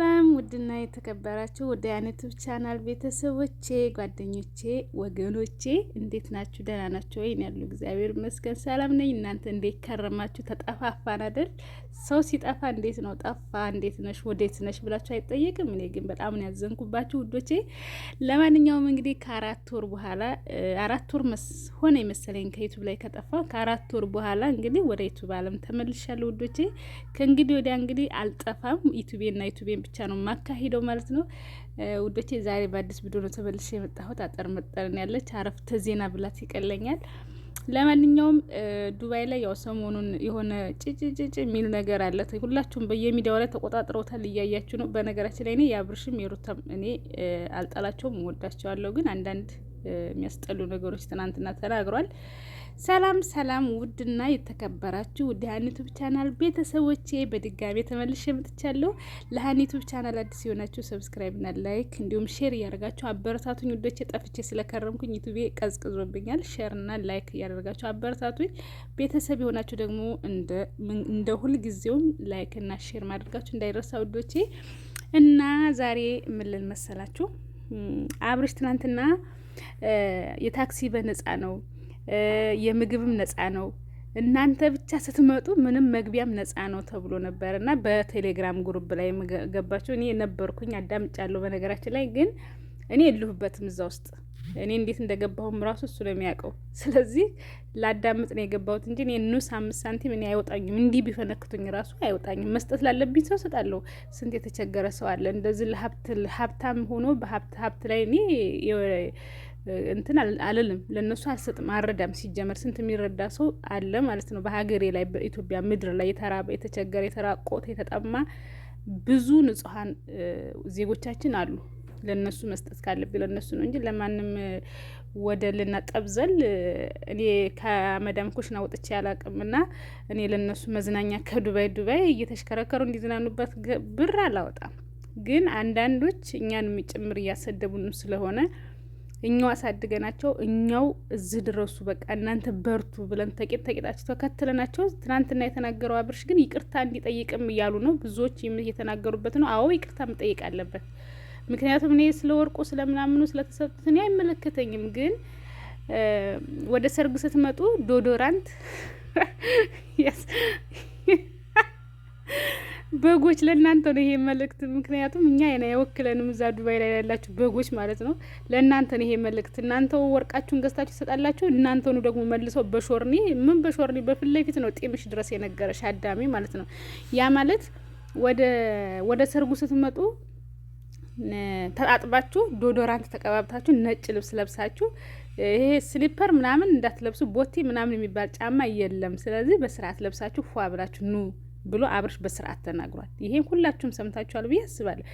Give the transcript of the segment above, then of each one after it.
ሰላም ውድና የተከበራችሁ ወደ ዩቲዩብ ቻናል ቤተሰቦቼ፣ ጓደኞቼ፣ ወገኖቼ እንዴት ናችሁ? ደህና ናችሁ ወይ? ያሉ እግዚአብሔር ይመስገን ሰላም ነኝ። እናንተ እንዴት ከረማችሁ? ተጠፋፋን አይደል? ሰው ሲጠፋ እንዴት ነው ጠፋ፣ እንዴት ነሽ፣ ወዴት ነሽ ብላችሁ አይጠየቅም። እኔ ግን በጣም ነው ያዘንኩባችሁ ውዶቼ። ለማንኛውም እንግዲህ ከአራት ወር በኋላ አራት ወር ሆነ መሰለኝ ከዩቱብ ላይ ከጠፋ ከአራት ወር በኋላ እንግዲህ ወደ ዩቱብ አለም ተመልሻለሁ ውዶቼ። ከእንግዲህ ወዲያ እንግዲህ አልጠፋም ዩቱቤና ዩቱቤን ብቻ ነው ማካሂደው ማለት ነው። ውዶቼ ዛሬ በአዲስ ቪዲዮ ነው ተመልሼ የመጣሁት። አጠር መጠርን ያለች አረፍተ ዜና ብላት ይቀለኛል። ለማንኛውም ዱባይ ላይ ያው ሰሞኑን የሆነ ጭጭጭጭ የሚል ነገር አለ። ሁላችሁም በየሚዲያው ላይ ተቆጣጥረውታል፣ እያያችሁ ነው። በነገራችን ላይ እኔ የአብርሽም የሩታም እኔ አልጠላቸውም፣ እወዳቸዋለሁ ግን አንዳንድ የሚያስጠሉ ነገሮች ትናንትና ተናግሯል። ሰላም ሰላም፣ ውድና የተከበራችሁ ውድ ሀኒቱብ ቻናል ቤተሰቦቼ በድጋሚ ተመልሼ መጥቻለሁ። ለሀኒቱብ ቻናል አዲስ የሆናችሁ ሰብስክራይብና ላይክ እንዲሁም ሼር እያደርጋችሁ አበረታቱኝ። ውዶቼ ጠፍቼ ስለከረምኩኝ ዩቱቤ ቀዝቅዞብኛል። ሼርና ላይክ እያደርጋችሁ አበረታቱኝ። ቤተሰብ የሆናችሁ ደግሞ እንደ ሁልጊዜውም ላይክና ሼር ማድረጋችሁ እንዳይረሳ ውዶቼ። እና ዛሬ ምልል መሰላችሁ አብርሽ ትናንትና የታክሲ በነፃ ነው፣ የምግብም ነፃ ነው። እናንተ ብቻ ስትመጡ ምንም መግቢያም ነፃ ነው ተብሎ ነበር እና በቴሌግራም ግሩፕ ላይ ገባችሁ። እኔ ነበርኩኝ አዳምጫለሁ። በነገራችን ላይ ግን እኔ የለሁበትም እዛ ውስጥ እኔ እንዴት እንደገባሁም ራሱ እሱ ነው የሚያውቀው። ስለዚህ ላዳምጥ ነው የገባሁት እንጂ እኔ ኑስ አምስት ሳንቲም እኔ አይወጣኝም። እንዲህ ቢፈነክቱኝ ራሱ አይወጣኝም። መስጠት ላለብኝ ሰው እሰጣለሁ። ስንት የተቸገረ ሰው አለ እንደዚህ ሀብታም ሆኖ በሀብት ሀብት ላይ እኔ እንትን አልልም፣ ለእነሱ አልሰጥም፣ አልረዳም። ሲጀመር ስንት የሚረዳ ሰው አለ ማለት ነው በሀገሬ ላይ በኢትዮጵያ ምድር ላይ የተራበ የተቸገረ፣ የተራቆተ፣ የተጠማ ብዙ ንጹሀን ዜጎቻችን አሉ። ለእነሱ መስጠት ካለብኝ ለእነሱ ነው እንጂ ለማንም ወደ ልና ጠብዘል እኔ ከመዳም ኩሽና ወጥቼ ና እኔ ለእነሱ መዝናኛ ከዱባይ ዱባይ እየተሽከረከሩ እንዲዝናኑበት ብር አላወጣም። ግን አንዳንዶች እኛን የሚጭምር እያሰደቡንም ስለሆነ እኛው አሳድገናቸው እኛው እዚህ ድረሱ በቃ እናንተ በርቱ ብለን ተቂጥ ተቂጣቸው ተከትለናቸው። ትናንትና የተናገረው አብርሽ ግን ይቅርታ እንዲጠይቅም እያሉ ነው ብዙዎች እየተናገሩበት ነው። አዎ ይቅርታ መጠየቅ አለበት። ምክንያቱም እኔ ስለ ወርቁ ስለምናምኑ ስለተሰጡት እኔ አይመለከተኝም። ግን ወደ ሰርግ ስትመጡ ዶዶራንት በጎች ለእናንተ ነው ይሄ መልእክት። ምክንያቱም እኛ አይወክለንም እዛ ዱባይ ላይ ያላችሁ በጎች ማለት ነው። ለእናንተ ነው ይሄ መልእክት። እናንተው ወርቃችሁን ገዝታችሁ ትሰጣላችሁ። እናንተኑ ደግሞ መልሰው በሾርኒ ምን በሾርኒ በፊት ለፊት ነው ጤምሽ ድረስ የነገረሽ አዳሚ ማለት ነው። ያ ማለት ወደ ወደ ሰርጉ ስትመጡ ተጣጥባችሁ ዶዶራንት ተቀባብታችሁ ነጭ ልብስ ለብሳችሁ ይሄ ስሊፐር ምናምን እንዳትለብሱ ቦቴ ምናምን የሚባል ጫማ የለም። ስለዚህ በስርዓት ለብሳችሁ ፏ ብላችሁ ኑ ብሎ አብርሽ በስርዓት ተናግሯል። ይሄን ሁላችሁም ሰምታችኋል ብዬ አስባለሁ።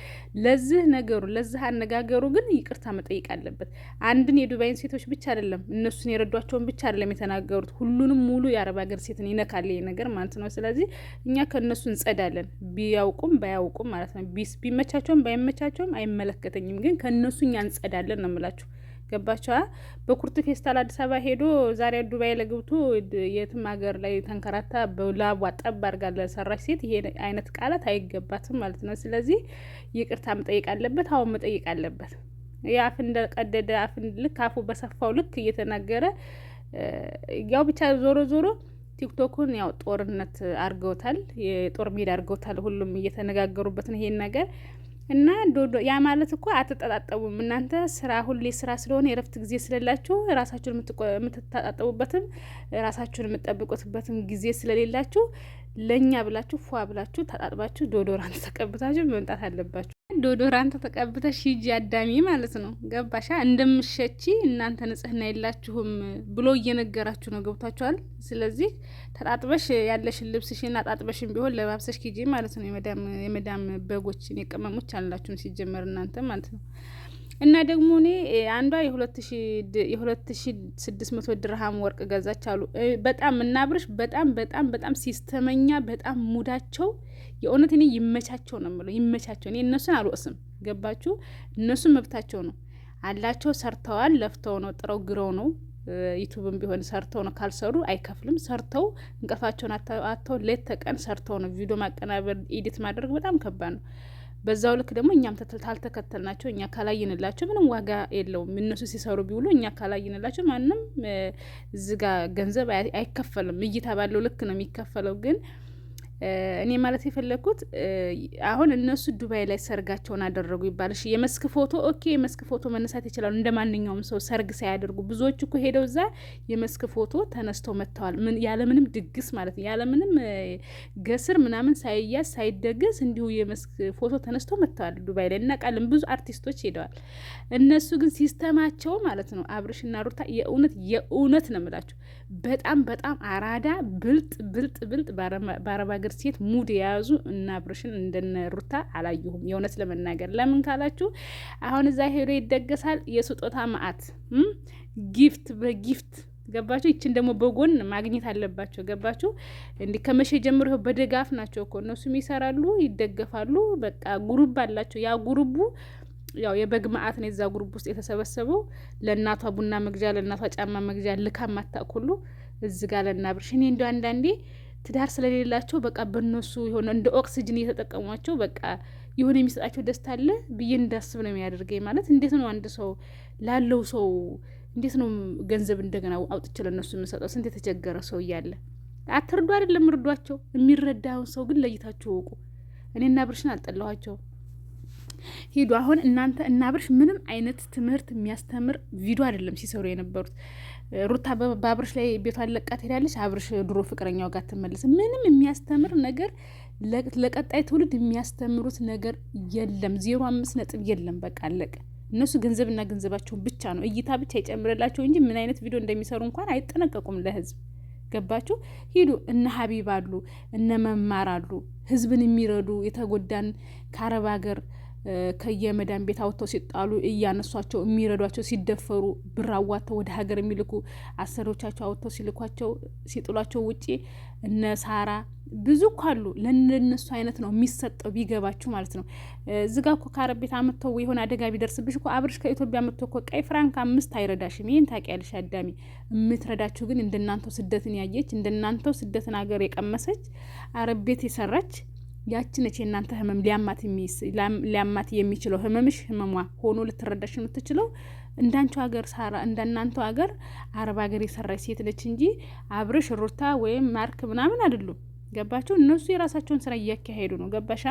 ለዚህ ነገሩ ለዚህ አነጋገሩ ግን ይቅርታ መጠየቅ አለበት። አንድን የዱባይን ሴቶች ብቻ አይደለም እነሱን የረዷቸውን ብቻ አይደለም የተናገሩት፣ ሁሉንም ሙሉ የአረብ ሀገር ሴትን ይነካል ይሄ ነገር ማለት ነው። ስለዚህ እኛ ከእነሱ እንጸዳለን፣ ቢያውቁም ባያውቁም ማለት ነው። ቢመቻቸውም ባይመቻቸውም አይመለከተኝም፣ ግን ከእነሱ እኛ እንጸዳለን ነው የምላችሁ። ገባቸዋ በኩርት ፌስታል አዲስ አበባ ሄዶ ዛሬ ዱባይ ለግብቱ የትም ሀገር ላይ ተንከራታ በላቧ ጠብ አድርጋ ለሰራች ሴት ይሄ አይነት ቃላት አይገባትም ማለት ነው። ስለዚህ ይቅርታ መጠየቅ አለበት፣ አሁን መጠየቅ አለበት። የአፍ እንደቀደደ አፍ ልክ አፉ በሰፋው ልክ እየተናገረ ያው ብቻ ዞሮ ዞሮ ቲክቶኩን ያው ጦርነት አድርገውታል፣ የጦር ሜዳ አድርገውታል። ሁሉም እየተነጋገሩበት ነው ይሄን ነገር እና ዶዶ ያ ማለት እኮ አትጠጣጠቡም። እናንተ ስራ ሁሌ ስራ ስለሆነ የእረፍት ጊዜ ስለሌላችሁ ራሳችሁን የምትታጣጠቡበትም ራሳችሁን የምትጠብቁትበትም ጊዜ ስለሌላችሁ ለእኛ ብላችሁ ፏ ብላችሁ ታጣጥባችሁ ዶዶራን ተቀብታችሁ መምጣት አለባችሁ። ዶዶራንት ተቀብተሽ ሂጂ አዳሚ ማለት ነው። ገባሻ? እንደምሸቺ እናንተ ንጽህና የላችሁም ብሎ እየነገራችሁ ነው። ገብቷችኋል? ስለዚህ ተጣጥበሽ ያለሽን ልብስሽን አጣጥበሽን ቢሆን ለባብሰሽ ሂጂ ማለት ነው። የመዳም በጎችን የቅመሞች አላችሁም ሲጀመር እናንተ ማለት ነው። እና ደግሞ እኔ አንዷ የሁለት ሺ ስድስት መቶ ድርሃም ወርቅ ገዛች አሉ። በጣም እናብርሽ በጣም በጣም በጣም ሲስተመኛ በጣም ሙዳቸው የእውነት እኔ ይመቻቸው ነው የምለው ይመቻቸው። እኔ እነሱን አሉ አይወቅስም። ገባችሁ? እነሱ መብታቸው ነው አላቸው። ሰርተዋል፣ ለፍተው ነው፣ ጥረው ግረው ነው ዩቱብም ቢሆን ሰርተው ነው። ካልሰሩ አይከፍልም። ሰርተው እንቅልፋቸውን አተው ሌት ተቀን ሰርተው ነው። ቪዲዮ ማቀናበር፣ ኤዲት ማድረግ በጣም ከባድ ነው። በዛው ልክ ደግሞ እኛም ካልተከተልናቸው እኛ ካላይንላቸው ምንም ዋጋ የለውም። እነሱ ሲሰሩ ቢውሉ እኛ ካላይንላቸው ማንም እዚጋ ገንዘብ አይከፈልም። እይታ ባለው ልክ ነው የሚከፈለው ግን እኔ ማለት የፈለግኩት አሁን እነሱ ዱባይ ላይ ሰርጋቸውን አደረጉ ይባል። እሺ የመስክ ፎቶ ኦኬ፣ የመስክ ፎቶ መነሳት ይችላሉ፣ እንደ ማንኛውም ሰው ሰርግ ሳያደርጉ። ብዙዎች እኮ ሄደው እዛ የመስክ ፎቶ ተነስተው መጥተዋል፣ ያለምንም ድግስ ማለት ነው፣ ያለምንም ገስር ምናምን ሳይያዝ ሳይደገስ እንዲሁ የመስክ ፎቶ ተነስተው መጥተዋል ዱባይ ላይ። እናውቃለን፣ ብዙ አርቲስቶች ሄደዋል። እነሱ ግን ሲስተማቸው ማለት ነው እና ሩታ የእውነት የእውነት ነው የምላችሁ፣ በጣም በጣም አራዳ ብልጥ ብልጥ ብልጥ በአረብ ሴት ሙድ የያዙ እና አብርሽን እንደነ ሩታ አላየሁም። የእውነት ለመናገር ለምን ካላችሁ አሁን እዛ ሄዶ ይደገሳል የስጦታ ማአት ጊፍት በጊፍት ገባችሁ። ይችን ደግሞ በጎን ማግኘት አለባቸው። ገባችሁ። እንዲ ከመሸ ጀምሮ ይኸው በድጋፍ ናቸው እኮ እነሱም ይሰራሉ፣ ይደገፋሉ። በቃ ጉሩብ አላቸው። ያ ጉሩቡ ያው የበግ ማአት ነው። የዛ ጉሩብ ውስጥ የተሰበሰበው ለእናቷ ቡና መግዣ፣ ለእናቷ ጫማ መግዣ ልካ ማታቅ ሁሉ እዚህ ጋር ለእና እኔ እንዲ አንዳንዴ ትዳር ስለሌላቸው በቃ በነሱ የሆነ እንደ ኦክስጅን እየተጠቀሟቸው በቃ የሆነ የሚሰጣቸው ደስታ አለ ብዬ እንዳስብ ነው የሚያደርገኝ። ማለት እንዴት ነው አንድ ሰው ላለው ሰው እንዴት ነው ገንዘብ እንደገና አውጥቼ ለእነሱ የምሰጠው? ስንት የተቸገረ ሰው እያለ አትርዱ አይደለም እርዷቸው። የሚረዳውን ሰው ግን ለይታችሁ እወቁ። እኔና ብርሽን አልጠላኋቸው ሂዱ። አሁን እናንተ እና ብርሽ ምንም አይነት ትምህርት የሚያስተምር ቪዲዮ አይደለም ሲሰሩ የነበሩት። ሩታ በአብርሽ ላይ ቤቷን ለቃ ትሄዳለች። አብርሽ ድሮ ፍቅረኛው ጋር ትመለስ። ምንም የሚያስተምር ነገር ለቀጣይ ትውልድ የሚያስተምሩት ነገር የለም። ዜሮ አምስት ነጥብ የለም። በቃ አለቀ። እነሱ ገንዘብና ገንዘባቸውን ብቻ ነው እይታ ብቻ ይጨምረላቸው እንጂ ምን አይነት ቪዲዮ እንደሚሰሩ እንኳን አይጠነቀቁም ለህዝብ ገባችሁ? ሂዱ እነ ሀቢብ አሉ እነ መማር አሉ ህዝብን የሚረዱ የተጎዳን ከአረብ ሀገር ከየመዳን ቤት አውጥተው ሲጣሉ እያነሷቸው የሚረዷቸው ሲደፈሩ ብር አዋጥተው ወደ ሀገር የሚልኩ አሰሪዎቻቸው አውጥተው ሲልኳቸው ሲጥሏቸው ውጪ እነ ሳራ ብዙ እኮ አሉ። ለእነሱ አይነት ነው የሚሰጠው ቢገባችሁ ማለት ነው። እዚጋ እኮ ከአረብ ቤት አምጥተው የሆነ አደጋ ቢደርስብሽ እኮ አብርሽ ከኢትዮጵያ አምጥተው እኮ ቀይ ፍራንክ አምስት አይረዳሽም። ይህን ታውቂያለሽ አዳሚ። የምትረዳችሁ ግን እንደናንተው ስደትን ያየች እንደናንተው ስደትን ሀገር የቀመሰች አረብ ቤት የሰራች ያችነች የእናንተ ህመም ሊያማት የሚችለው ህመምሽ ህመሟ ሆኖ ልትረዳሽ የምትችለው እንዳንቹ ሀገር ሳራ እንደናንተ ሀገር አረብ ሀገር የሰራች ሴት ነች እንጂ አብርሽ ሩታ ወይም ማርክ ምናምን አይደሉም። ገባችሁ? እነሱ የራሳቸውን ስራ እያካሄዱ ነው። ገባሻ?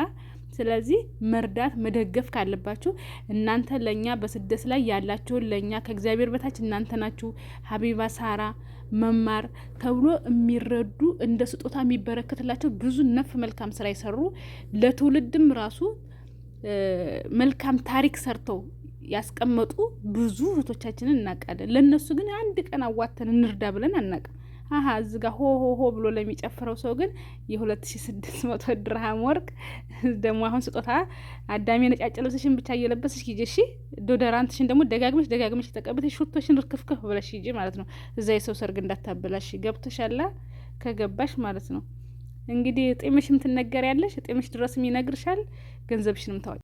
ስለዚህ መርዳት መደገፍ ካለባችሁ እናንተ ለእኛ በስደት ላይ ያላችሁን ለእኛ ከእግዚአብሔር በታች እናንተ ናችሁ። ሀቢባ ሳራ መማር ተብሎ የሚረዱ እንደ ስጦታ የሚበረከትላቸው ብዙ ነፍ መልካም ስራ የሰሩ ለትውልድም ራሱ መልካም ታሪክ ሰርተው ያስቀመጡ ብዙ እህቶቻችንን እናውቃለን። ለእነሱ ግን አንድ ቀን አዋተን እንርዳ ብለን አናውቅም። አሀ እዚ ጋ ሆ ሆ ሆ ብሎ ለሚጨፍረው ሰው ግን የሁለት ሺ ስድስት መቶ ድርሃም ወርቅ ደግሞ አሁን ስጦታ አዳሜ ነጫጭ ልብስሽን ብቻ እየለበስሽ ሂጂ እሺ። ዶደራንትሽን ደግሞ ደጋግመሽ ደጋግመሽ ተቀብተሽ ሹርቶሽን ርክፍክፍ ብለሽ ሂጂ ማለት ነው። እዛ የሰው ሰርግ እንዳታበላሽ ገብቶሻላ? ከገባሽ ማለት ነው። እንግዲህ ጢምሽም ያለሽ ጢምሽ ድረስም ይነግርሻል። ገንዘብሽንም ታዋቂ